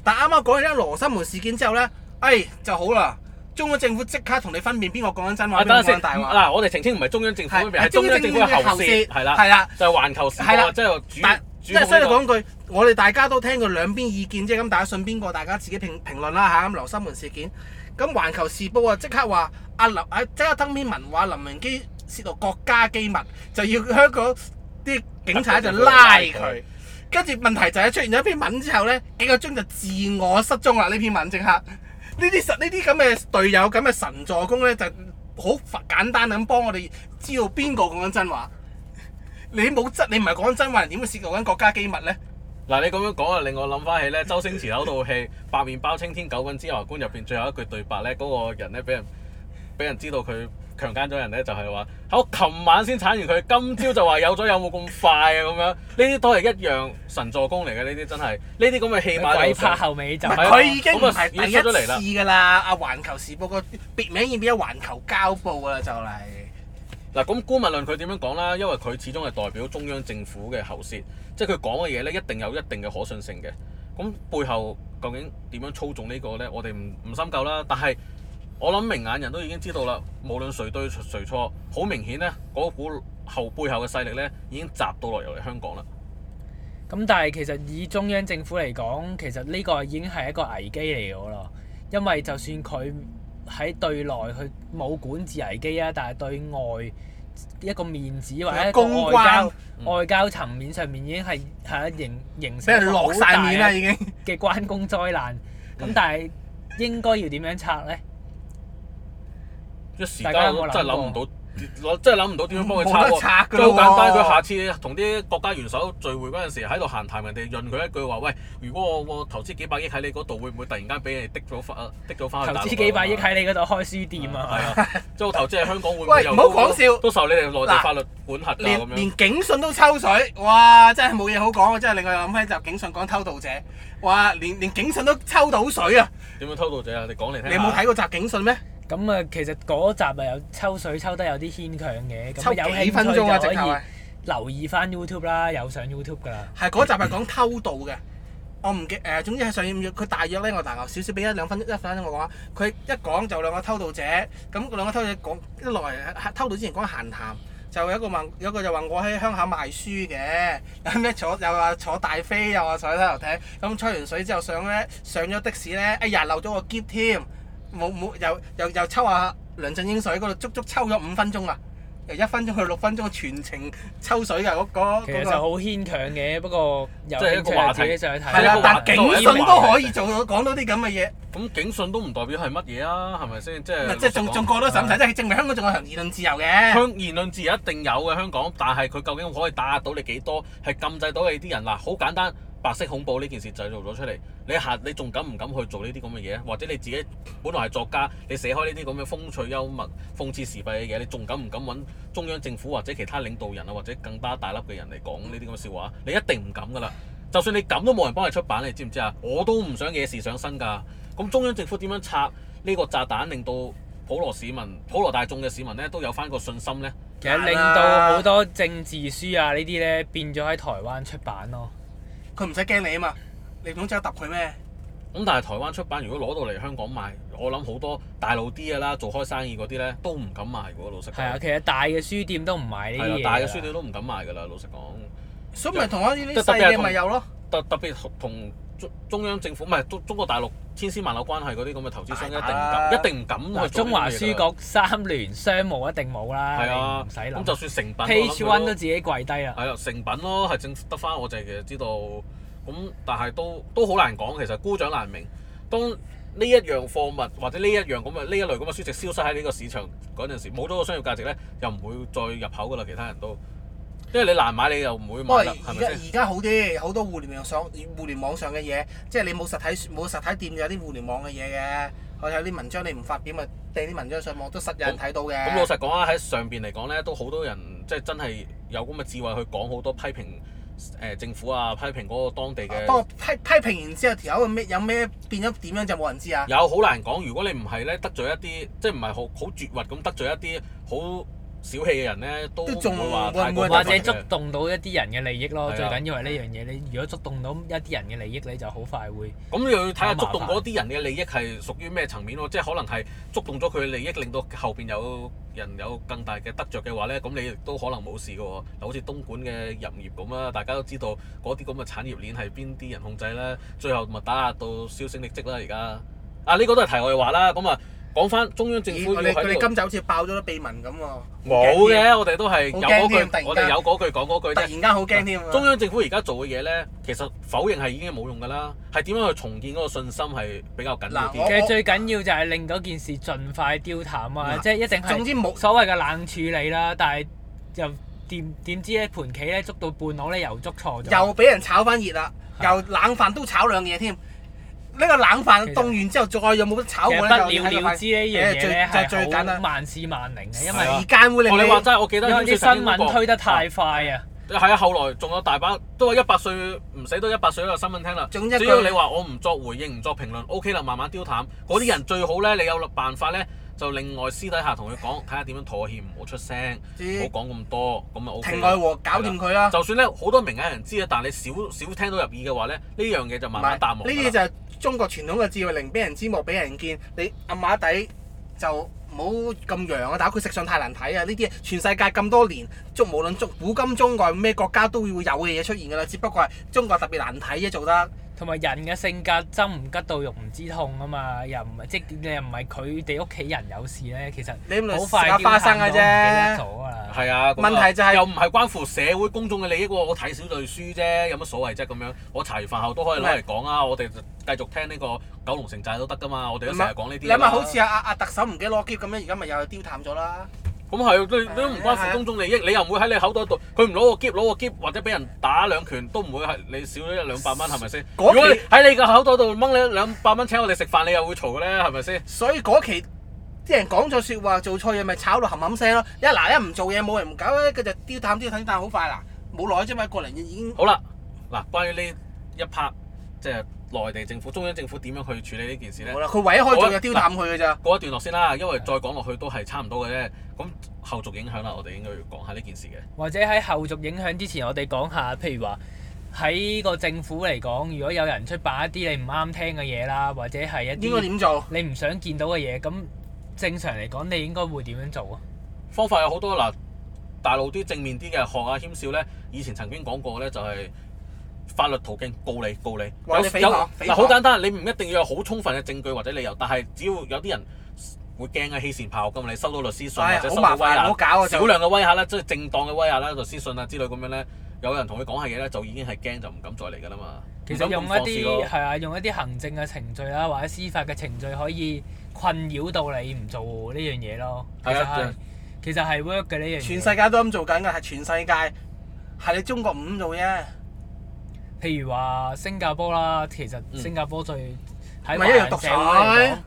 但啱啱講起羅生門事件之後咧，唉就好啦，中央政府即刻同你分辨邊個講緊真話，邊個講緊大話。嗱，我哋澄清唔係中央政府分辨，係中央政府喉舌，係啦，係啦，就係環球事，即係主。即係所以講句，我哋大家都聽過兩邊意見啫。咁大家信邊個，大家自己評評論啦嚇。咁羅生門事件，咁《環球時報》啊，即刻話阿林，即刻登篇文話林榮基泄露國家機密，就要香港啲警察就拉佢。跟住問題就係出現咗一篇文之後咧，幾個鐘就自我失蹤啦。呢篇文即刻，呢啲實呢啲咁嘅隊友咁嘅神助攻咧，就好簡單咁幫我哋知道邊個講緊真話。你冇質，你唔係講真話，人點會泄露緊國家機密咧？嗱、啊，你咁樣講啊，令我諗翻起咧，周星馳嗰套戲《白 面包青天九品芝麻官》入邊，最後一句對白咧，嗰、那個人咧俾人俾人知道佢強姦咗人咧，就係、是、話：我琴晚先產完佢，今朝就話有咗，有冇咁快啊？咁樣呢啲都係一樣神助攻嚟嘅，呢啲真係呢啲咁嘅戲碼，鬼拍後尾就佢已經係第一次㗎啦！阿、啊、環球時報個別名已經變咗環球交報啊，就嚟、是。嗱，咁官民論佢點樣講啦？因為佢始終係代表中央政府嘅喉舌，即係佢講嘅嘢咧，一定有一定嘅可信性嘅。咁背後究竟點樣操縱呢個咧？我哋唔唔深究啦。但係我諗明眼人都已經知道啦。無論誰對誰錯，好明顯咧，嗰、那個、股後背後嘅勢力咧，已經集到落嚟香港啦。咁但係其實以中央政府嚟講，其實呢個已經係一個危機嚟嘅啦。因為就算佢喺對內去冇管治危機啊，但係對外一個面子或者一個外交關外交層面上面已經係係啊，形形成好大的嘅關公災難。咁、嗯、但係應該要點樣拆咧？一時間真係諗唔到。我真係諗唔到點樣幫佢拆喎！最好簡單，佢下次同啲國家元首聚會嗰陣時，喺度閒談人，人哋潤佢一句話：喂，如果我我投資幾百億喺你嗰度，會唔會突然間俾人滴咗翻啊？滴咗翻投資幾百億喺你嗰度開書店啊！做、啊啊、 即投資喺香港會唔會又唔好講笑，都受你哋內地法律管轄㗎？咁樣連，連警訊都抽水，哇！真係冇嘢好講啊！真係另外諗起集警訊講偷渡者，哇！連連，連警訊都抽到水啊！點樣偷渡者啊？你講嚟聽下。你冇睇過集警訊咩？咁啊，其實嗰集啊有抽水抽得有啲牽強嘅，咁抽有幾分鐘啊？可以留意翻 YouTube 啦，有上 YouTube 㗎啦。係嗰、啊、集係講偷渡嘅，我唔記誒、呃，總之係上 YouTube 佢大約咧，我大牛少少俾一兩分一分鐘我講，佢一講就兩個偷渡者，咁兩個偷渡者講一來偷渡之前講閒談，就有一個問，有一個就話我喺鄉下賣書嘅，有咩坐又話、啊、坐大飛，又話、啊、坐遊艇，咁、嗯、吹完水之後上咧上咗的士咧，哎呀漏咗個喼添。冇冇又又又抽下梁振英水嗰度，足足抽咗五分鐘啊！由一分鐘去六分鐘，分鐘分鐘全程抽水嘅嗰個。其實好牽強嘅，不過。又係一個話題就係睇。係啦，但警訊都可以做到講到啲咁嘅嘢。咁警訊都唔代表係乜嘢啊？係咪先？就是、即係是。即係仲仲過多審睇，即係的證明香港仲有行言論自由嘅。香言論自由一定有嘅香港，但係佢究竟可以打壓到你幾多？係禁制到你啲人嗱？好簡單。白色恐怖呢件事製造咗出嚟，你嚇你仲敢唔敢去做呢啲咁嘅嘢？或者你自己本來係作家，你寫開呢啲咁嘅風趣幽默、諷刺時弊嘅嘢，你仲敢唔敢揾中央政府或者其他領導人啊，或者更加大粒嘅人嚟講呢啲咁嘅笑話？你一定唔敢噶啦！就算你敢，都冇人幫你出版，你知唔知啊？我都唔想惹事上身噶。咁中央政府點樣拆呢個炸彈，令到普羅市民、普羅大眾嘅市民咧都有翻個信心咧？其實、啊、令到好多政治書啊呢啲咧變咗喺台灣出版咯。佢唔使驚你啊嘛，你唔通之得揼佢咩？咁但係台灣出版如果攞到嚟香港賣，我諗好多大老啲嘅啦，做開生意嗰啲咧都唔敢賣喎，老實講。係啊，其實大嘅書店都唔買呢啲嘢。係啊，大嘅書店都唔敢賣㗎啦，老實講。所以咪同一啲細嘅咪有咯。特特別同。跟中央政府唔係中中國大陸千絲萬縷關係嗰啲咁嘅投資商一定唔敢、啊、一定唔敢去。中華書局三聯商務一定冇啦，係啊，唔使諗。咁就算成品，H1 Page 都，都自己跪低啊。係啊，成品咯，係淨得翻我哋其實知道。咁但係都都好難講，其實孤掌難鳴。當呢一樣貨物或者呢一樣咁嘅呢一類咁嘅書籍消失喺呢個市場嗰陣時，冇咗個商業價值咧，又唔會再入口噶啦，其他人都。即係你難買，你就唔會買而家，係咪先？而家好啲，好多互聯網上、互聯網上嘅嘢，即係你冇實體冇實體店有啲互聯網嘅嘢嘅，我有啲文章你唔發表咪掟啲文章上網都實有人睇到嘅。咁、嗯嗯、老實講啊，喺上邊嚟講咧，都好多人即係真係有咁嘅智慧去講好多批評，誒、呃、政府啊，批評嗰個當地嘅。不過批批評完之後條友有咩有咩變咗點樣就冇人知啊。有好難講，如果你唔係咧，得罪一啲即係唔係好好絕核咁得罪一啲好。小氣嘅人咧都仲會話，或者觸動到一啲人嘅利益咯。的最緊要係呢樣嘢，你如果觸動到一啲人嘅利益，你就好快會。咁你要睇下觸動嗰啲人嘅利益係屬於咩層面咯？即係可能係觸動咗佢嘅利益，令到後邊有人有更大嘅得着嘅話咧，咁你亦都可能冇事嘅喎。嗱，好似東莞嘅淫業咁啦，大家都知道嗰啲咁嘅產業鏈係邊啲人控制咧，最後咪打壓到銷聲匿跡啦而家。啊，呢個都係題外話啦，咁啊。講翻中央政府，佢哋今就好似爆咗啲秘聞咁喎。冇嘅，我哋都係有嗰句，我哋有嗰句講嗰句啫。突然間好驚添。中央政府而家做嘅嘢咧，其實否認係已經冇用噶啦，係點樣去重建嗰個信心係比較緊要啲。其實最緊要就係令嗰件事盡快調淡啊！即係一定係。總之冇所謂嘅冷處理啦，但係又點點知呢盤棋咧捉到半攞咧又捉錯。又俾人炒翻熱啦！又冷飯都炒兩嘢添。呢個冷飯凍實完之後，再有冇得炒料料之啲嘢咧？誒是，最是就最緊啦，萬事萬寧萬靈啊！因為時間會令你。我你話真係，我記得啲新聞推得太快啊！係啊，後來仲有大把，都係一百歲，唔使到一百歲都有新聞聽啦。總之，只要你話我唔作回應，唔作評論，OK 啦，慢慢丟淡。嗰啲人最好咧，你有辦法咧。就另外私底下同佢講，睇下點樣妥協，唔好出聲，唔好講咁多，咁就 O、OK，k 庭外和搞，搞掂佢啦。就算咧好多明眼人知啊，但係你少少聽到入耳嘅話咧，呢樣嘢就慢慢淡忘。呢啲就係中國傳統嘅智慧，寧俾人知莫俾人見。你暗啞底就唔好咁揚啊，打佢食相太難睇啊！呢啲全世界咁多年，中無論中古今中外咩國家都會有嘅嘢出現㗎啦，只不過係中國特別難睇啫，做得做。同埋人嘅性格，針唔吉到肉唔知痛啊嘛，又唔係即係你又唔係佢哋屋企人有事咧，其實好快丟淡咗啊！係啊，問題就係、是、又唔係關乎社會公眾嘅利益喎，我睇少對書啫，有乜所謂啫咁樣？我茶餘飯後都可以攞嚟講啊，是我哋繼續聽呢、呢個九龍城寨都得噶嘛，我哋成日講呢啲。你咪好似阿阿特首唔記得攞機咁樣，而家咪又係丟淡咗啦。咁係，你你都唔關乎公眾利益，啊啊、你又唔會喺你口度，佢唔攞個篋攞個篋或者俾人打兩拳都唔會係你少咗一兩百蚊，係咪先？嗰期如果你喺你個口度掹你兩百蚊請我哋食飯，你又會嘈嘅咧，係咪先？所以嗰期啲人講咗説話做錯嘢，咪炒到冚冚聲咯。一嗱一唔做嘢，冇人唔搞咧，佢就丟淡丟睇淡好快啦。冇耐啫嘛，過嚟已經好啦。嗱，關於呢一 part 即係。內地政府、中央政府點樣去處理呢件事咧？佢唯一開始嘅，丟淡佢嘅啫。過一段落先啦，因為再講落去都係差唔多嘅啫。咁後續影響啦，我哋應該要講下呢件事嘅。或者喺後續影響之前，我哋講下，譬如話喺個政府嚟講，如果有人出版一啲你唔啱聽嘅嘢啦，或者係一啲應該點做，你唔想見到嘅嘢，咁正常嚟講，你應該會點樣做啊？方法有好多嗱，大陸啲正面啲嘅，學阿謙少咧，以前曾經講過咧、就是，就係。法律途徑告你，告你嗱，好簡單，你唔一定要有好充分嘅證據或者理由，但係只要有啲人會驚啊，欺善怕惡咁，你收到律師信、哎、或者收到威威少量嘅威嚇啦，即係正當嘅威嚇啦、律師信啦之類咁樣咧，有人同你講下嘢咧，就已經係驚就唔敢再嚟噶啦嘛。其實用一啲係啊，用一啲行政嘅程序啦，或者司法嘅程序可以困擾到你唔做呢樣嘢咯。其實係 work 嘅呢樣嘢。全世界都咁做緊嘅，係全世界係你中國唔做啫。譬如話新加坡啦，其實新加坡最喺民主、嗯、社會嚟講，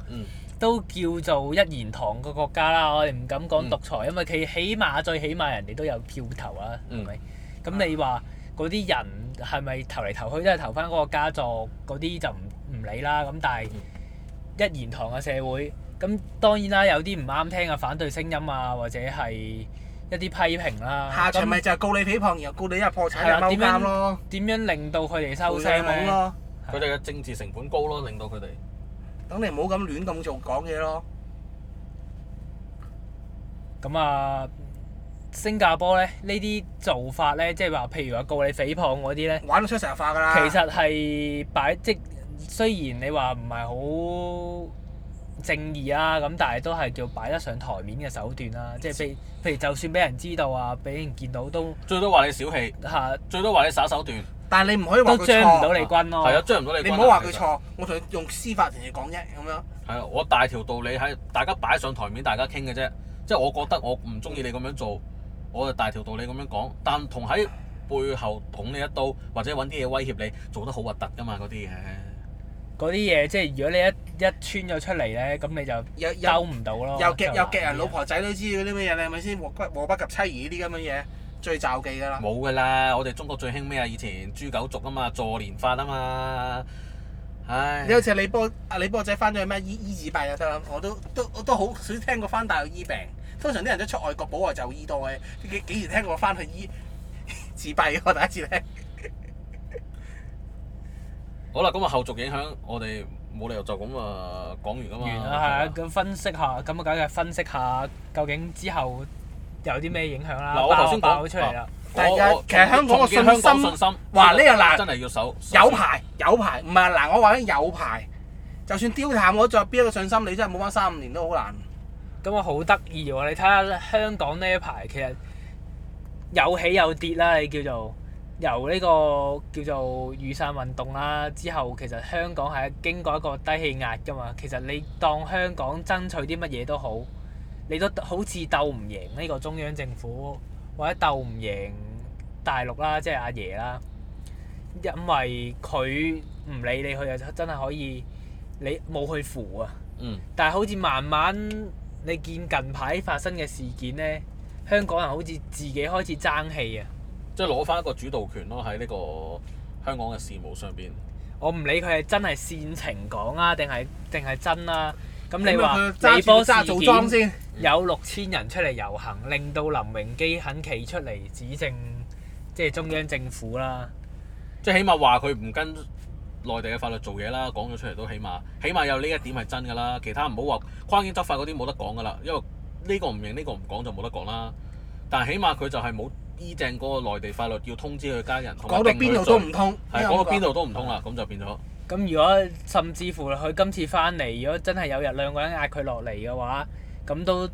都叫做一言堂個國家啦。我哋唔敢講獨裁，嗯、因為佢起碼最起碼人哋都有票投啊，係咪、嗯？咁吧你話嗰啲人係咪投嚟投去都係投翻個家族嗰啲就唔唔理啦。咁但係一言堂嘅社會，咁當然啦，有啲唔啱聽嘅反對聲音啊，或者係。一啲批評啦，下場咪就係告你誹謗，然後告你一係破產，一係咯。點樣咯？點樣令到佢哋收聲啊？佢哋嘅政治成本高咯，令到佢哋。等你唔好咁亂咁做講嘢咯。咁啊，新加坡咧呢啲做法咧，即係話譬如話告你誹謗嗰啲咧，玩到出神入化㗎喇。其實係擺即雖然你話唔係好。正義啊，咁但係都係叫擺得上台面嘅手段啦、啊，即係譬如就算俾人知道啊，俾人見到都最多話你小氣嚇，啊、最多話你耍手段。但係你唔可以話佢錯。都將唔到你軍咯。係啊，將唔到你軍。你唔好話佢錯，實我同佢用司法同你講啫，咁樣。係啊，我大條道理喺大家擺上台面，大家傾嘅啫。即係我覺得我唔中意你咁樣做，我就大條道理咁樣講。但同喺背後捅你一刀，或者揾啲嘢威脅你，做得好核突噶嘛，嗰啲嘢。嗰啲嘢，即係如果你一一穿咗出嚟咧，咁你就收唔到咯。又夾又夾人老婆仔都知嗰啲咩嘢，你係咪先？禍不是禍不及妻兒啲咁嘅嘢，最詐忌噶啦。冇噶啦，我哋中國最興咩啊？以前誅九族啊嘛，株連法啊嘛。唉。你好似你波啊，李波仔翻咗去咩醫醫治病就得啦？我都都我都好少聽過翻大陸醫病，通常啲人都出外國保外就醫多嘅。幾幾時聽過翻去醫自病？我第一次聽。好啦，咁啊後續影響，我哋冇理由就咁啊講完啊嘛。完啊了，係啊吧，咁、嗯、分析下，咁啊梗係分析下究竟之後有啲咩影響啦。嗱，我頭先講咗出嚟啦、啊。我其實香港嘅信心，信心，哇呢、這個難，真係要守。守有排，有排，唔係嗱，我話緊有排，就算丟淡，我再有一個信心，你真係冇返三五年都好難。咁啊、嗯，好得意喎！你睇下香港呢一排，其實有起有跌啦，你叫做。由呢個叫做雨傘運動啦，之後其實香港係經過一個低氣壓㗎嘛。其實你當香港爭取啲乜嘢都好，你都好似鬥唔贏呢個中央政府，或者鬥唔贏大陸啦，即係阿爺啦。因為佢唔理你，佢又真係可以，你冇去扶啊。嗯。但係好似慢慢，你見近排發生嘅事件呢，香港人好似自己開始爭氣啊。即係攞翻一個主導權咯，喺呢個香港嘅事務上邊。我唔理佢係真係煽情講啊，定係定係真啊。咁你話，起波沙做莊先。有六千人出嚟遊行，令到林榮基肯企出嚟指證，即係中央政府啦、啊。嗯、即係起碼話佢唔跟內地嘅法律做嘢啦，講咗出嚟都起碼，起碼有呢一點係真㗎啦。其他唔好話跨境執法嗰啲冇得講㗎啦，因為呢個唔認，呢、呢個唔講就冇得講啦。但起碼佢就係冇。依正嗰個內地法律要通知佢家人，講到邊度都唔通，係，講到邊度都唔通啦，咁就變咗。咁如果甚至乎佢今次翻嚟，如果真係有日兩個人嗌佢落嚟嘅話，咁都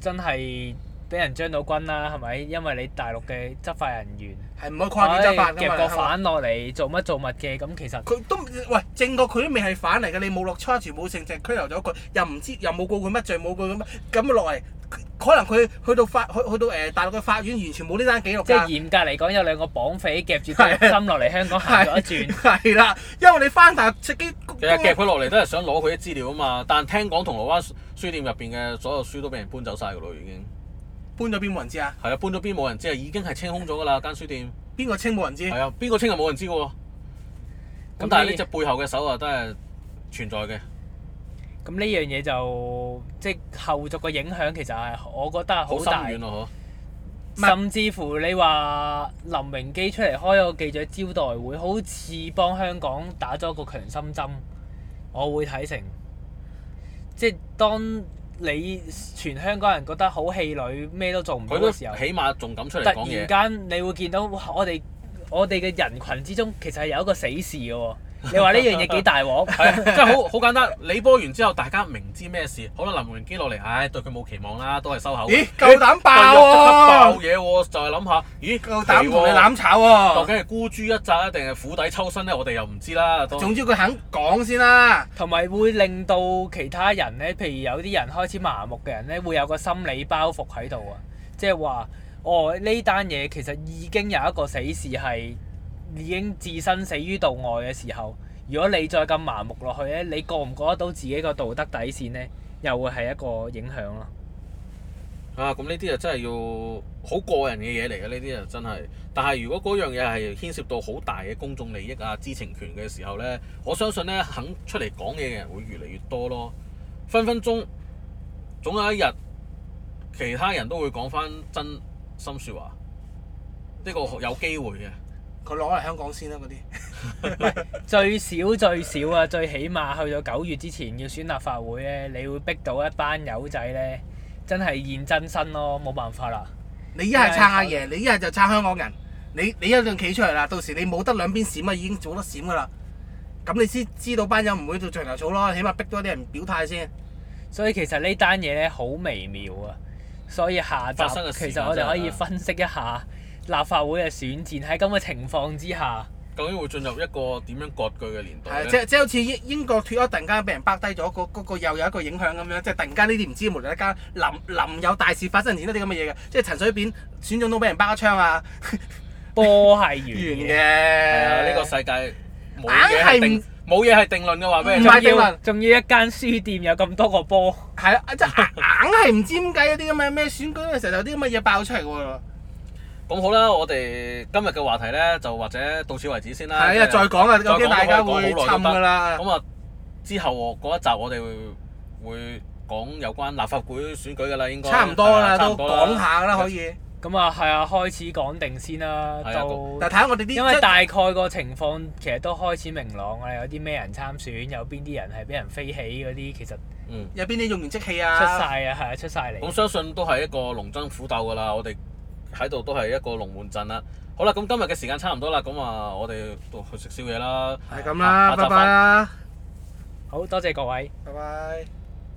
真係俾人將到軍啦，係咪？因為你大陸嘅執法人員係唔可以跨越執法㗎嘛。夾個反落嚟做乜做乜嘅，咁其實佢都喂正確正過，佢都未係反嚟嘅，你冇落車，全冇性，淨拘留咗佢，又唔知又冇告佢乜罪，冇告咁，咁落嚟。可能佢去到法去去到誒大陸嘅法院，完全冇呢單記錄㗎。即係嚴格嚟講，有兩個綁匪夾住心落嚟香港行咗一轉。係啦，因為你翻大隻機，直接其實夾佢落嚟都係想攞佢啲資料啊嘛。但係聽講銅鑼灣書店入邊嘅所有書都俾人搬走晒㗎咯，已經搬咗邊冇人知啊。係啊，搬咗邊冇人知啊，已經係清空咗㗎啦間書店。邊個清冇人知？係啊，邊個清係冇人知㗎喎。咁你但係呢隻背後嘅手啊，都係存在嘅。咁呢樣嘢就即後續嘅影響，其實係我覺得好大。啊、甚至乎你話林榮基出嚟開個記者招待會，好似幫香港打咗個強心針，我會睇成即當你全香港人覺得好氣餒，咩都做唔到嘅時候，起碼仲敢出嚟講。突然間，你會見到我哋我哋嘅人群之中，其實係有一個死士嘅喎。你話呢樣嘢幾大鑊？係 真係好好簡單。你播完之後，大家明知咩事，可能林榮基落嚟，唉，對佢冇期望啦，都係收口。咦？夠膽爆喎、啊！爆嘢喎！就係諗下，咦？夠膽同你攬炒喎？究竟係孤注一擲啊，定係釜底抽薪咧？我哋又唔知啦。總之佢肯講先啦，同埋會令到其他人咧，譬如有啲人開始麻木嘅人咧，會有個心理包袱喺度啊，即係話，哦，呢單嘢其實已經有一個死事係。已經置身死於度外嘅時候，如果你再咁麻木落去咧，你過唔過得到自己個道德底線呢？又會係一個影響咯。啊，咁呢啲啊真係要好個人嘅嘢嚟嘅，呢啲啊真係。但係如果嗰樣嘢係牽涉到好大嘅公眾利益啊、知情權嘅時候呢，我相信呢肯出嚟講嘢嘅人會越嚟越多咯。分分鐘，總有一日，其他人都會講翻真心説話。呢個有機會嘅。佢攞嚟香港先啦，啊，嗰啲。最少最少啊，最起碼去到九月之前要選立法會咧，你會逼到一班友仔咧，真係現真身咯，冇辦法啦。你一係撐阿爺，為你一係就撐香港人。你你一陣企出嚟啦，到時你冇得兩邊閃啊，已經做得閃噶啦。咁你先知道班友唔會做牆頭草咯，起碼逼多啲人表態先。所以其實呢單嘢咧好微妙啊，所以下集其實我哋可以分析一下。立法會嘅選戰喺咁嘅情況之下，究竟會進入一個點樣割據嘅年代？即係即即好似英英國脫咗，突然間俾人包低咗，嗰嗰、嗰個又有一個影響咁樣，即係突然間呢啲唔知無論一間臨臨，臨有大事發生前嗰啲咁嘅嘢嘅，即係陳水扁選總統俾人包槍啊！波 係完嘅，呢的的、呢個世界硬係冇嘢係定論嘅話咩？仲要，要一間書店有咁多個波，係啊！ 即係硬係唔知點解嗰啲咁嘅咩選舉嘅時候有啲咁嘅嘢爆出嚟喎。咁好啦，我哋今日嘅話題咧，就或者到此為止先啦。係啊，再講啊，有啲大家會沉噶啦。咁啊，之後嗰一集我哋會講有關立法會選舉噶啦，應該。差唔多啦，啊、多都講下啦，可以。咁啊，係啊，開始講定先啦。係、啊。就但睇下我哋啲，因為大概個情況其實都開始明朗啊，有啲咩人參選，有邊啲人係俾人飛起嗰啲，其實。嗯。有邊啲用完即棄啊，啊？出晒啊，係啊，出晒嚟。我相信都係一個龍爭虎鬥噶啦，我哋。喺度都係一個龍門陣啦。好啦，咁今日嘅時間差唔多啦。咁啊，我哋到去食宵夜啦。係咁啦，下拜拜啦。好多謝各位，拜拜。